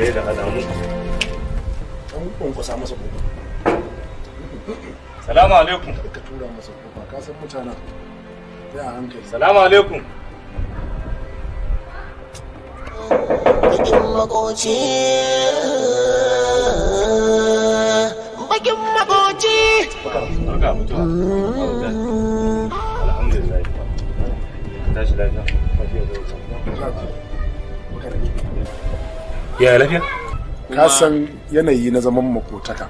eh da alamu dan kunkusa masa kofa salamu alaikum ka tura masa kofa ka san mutanen ya hankali salamu alaikum bakin makoci bakin makoci alhamdulillah ya lafiya ka san yanayi na zaman makotaka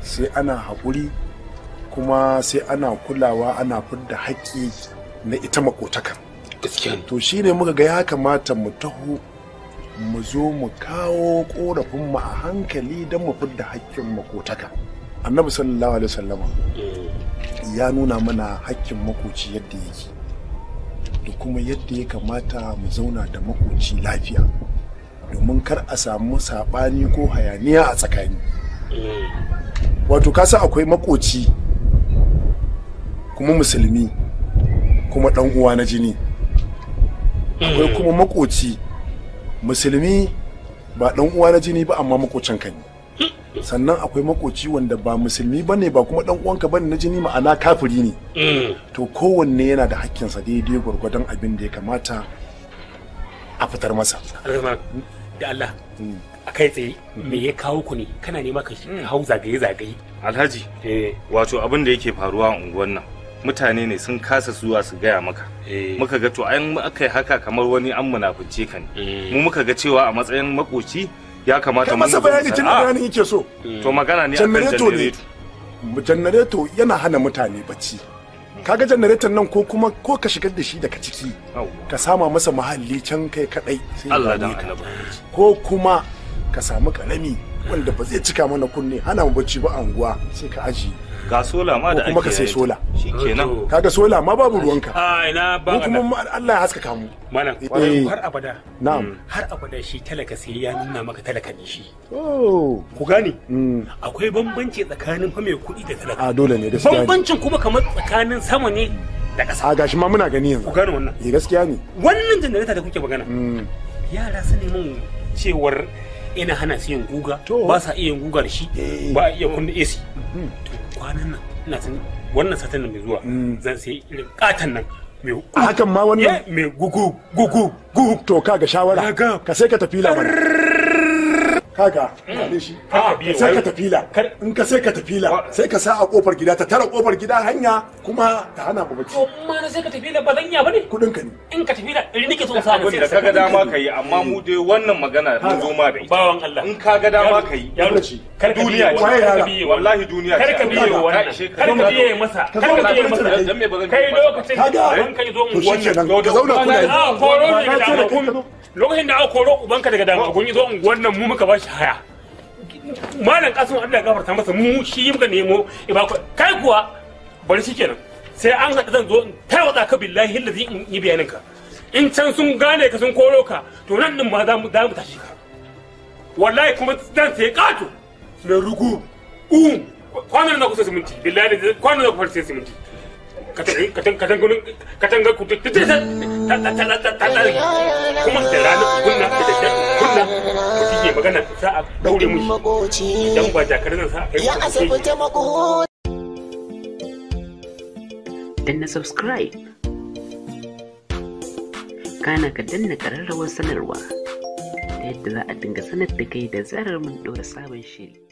sai ana haƙuri kuma sai ana kulawa ana fidda haƙƙi na ita makotaka to shine muka ga ya kamata mu taho mu zo mu kawo ƙorafinmu a hankali don mu fidda haƙƙin makotaka annabi sallallahu alaihi wasallama mm. ya nuna mana haƙƙin makoci yadda yake da kuma yadda ya kamata mu zauna da makoci lafiya domin kar a samu saɓani ko hayaniya a tsakani eh. wato kasa akwai makoci kuma musulmi kuma ɗan uwa na jini akwai kuma hmm. makoci musulmi ba ɗan uwa na jini ba amma makocin ne. Hmm. sannan akwai makoci wanda ba musulmi ba ne ba kuma ɗan uwanka ba na jini ma'ana kafiri ne hmm. to kowanne yana da hakkin sa daidai gwargwadon abin da ya kamata a fitar masa da Allah a kai tsaye mm. me ya kawo ku ne kana nema ka mm. hau zagaye zagaye alhaji eh. wato abin da yake faruwa a unguwar nan mutane ne sun kasa zuwa su gaya maka eh. muka ga to an aka yi haka kamar wani an munafunce ka ne eh. mu muka ga cewa a matsayin makoci ya kamata mu masa bayani tun ah. bayanin yake so to magana ne akan janareto janareto yana hana mutane bacci kaga janareton nan ko kuma ko ka shigar da shi daga ciki ka sama masa mahalli can kai kadai sai ko kuma ka samu karami wanda ba zai cika mana kunne ana mu bacci ba anguwa sai ka aji ga sola ma da ake kuma ka sai sola shikenan kaga sola ma babu ruwanka a ina ba kuma Allah ya haskaka mu malam eh, har abada na'am hmm. har abada shi talaka sai ya nuna maka talaka ne shi oh ku gane hmm. akwai bambanci tsakanin fa mai kuɗi da talaka a dole ne gaskiya bambancin kuma kamar tsakanin sama ne da ƙasa a gashi ma muna gani yanzu ku gane wannan eh gaskiya ne wannan janareta da kuke magana hmm. yara su ne mun cewar ina hana su yin guga ba sa iya guga da shi eh. ba a iya kunna AC hmm. to kwanan nan ina san wannan satan nan mai zuwa hmm. zan sai irin katan nan hakan ma wannan eh, mai gugu gugu gugu to kaga shawara ka sai ka tafi labarin kaga kale shi sai ka tafila in ka sai ka tafila sai ka sa a kofar gida ta tara kofar gida hanya kuma ta hana ku bacci amma na sai ka tafila ba zanya bane kudin ka ne in ka tafila ri nake so sa ne kaga dama kai amma mu dai wannan magana mun zo ma da ita bawan Allah in kaga dama kai ya ruci kar ka biye wallahi wallahi duniya kar ka biye wannan kar ka biye masa kar ka biye masa kai lokacin da kai zo mu wannan ka zauna kuna a koro ne ga dama lokacin da aka koro ubanka daga dama kun yi zo unguwar mu muka bashi haya malam kasim Allah ya gafarta masa mu shi muka nemo kai kuwa bari shikenan sai an haɗu zan zo in tarwatsa ka billahi lazi in yi bayanin ka in can sun gane ka sun koro ka to nan din ma za mu tashi ka wallahi kuma zan sai kato na rugu um kwanan na kusa siminti billahi da kwanan na kusa siminti katanga ku ta kuma da rana kunna da kunna mutum ke magana za a daure mu idan ba ta nan za a kai ya asibiti mako subscribe kana ka danna kararrawar sanarwa ta yadda za a dinga sanar da kai da zarar mun ɗora sabon shiri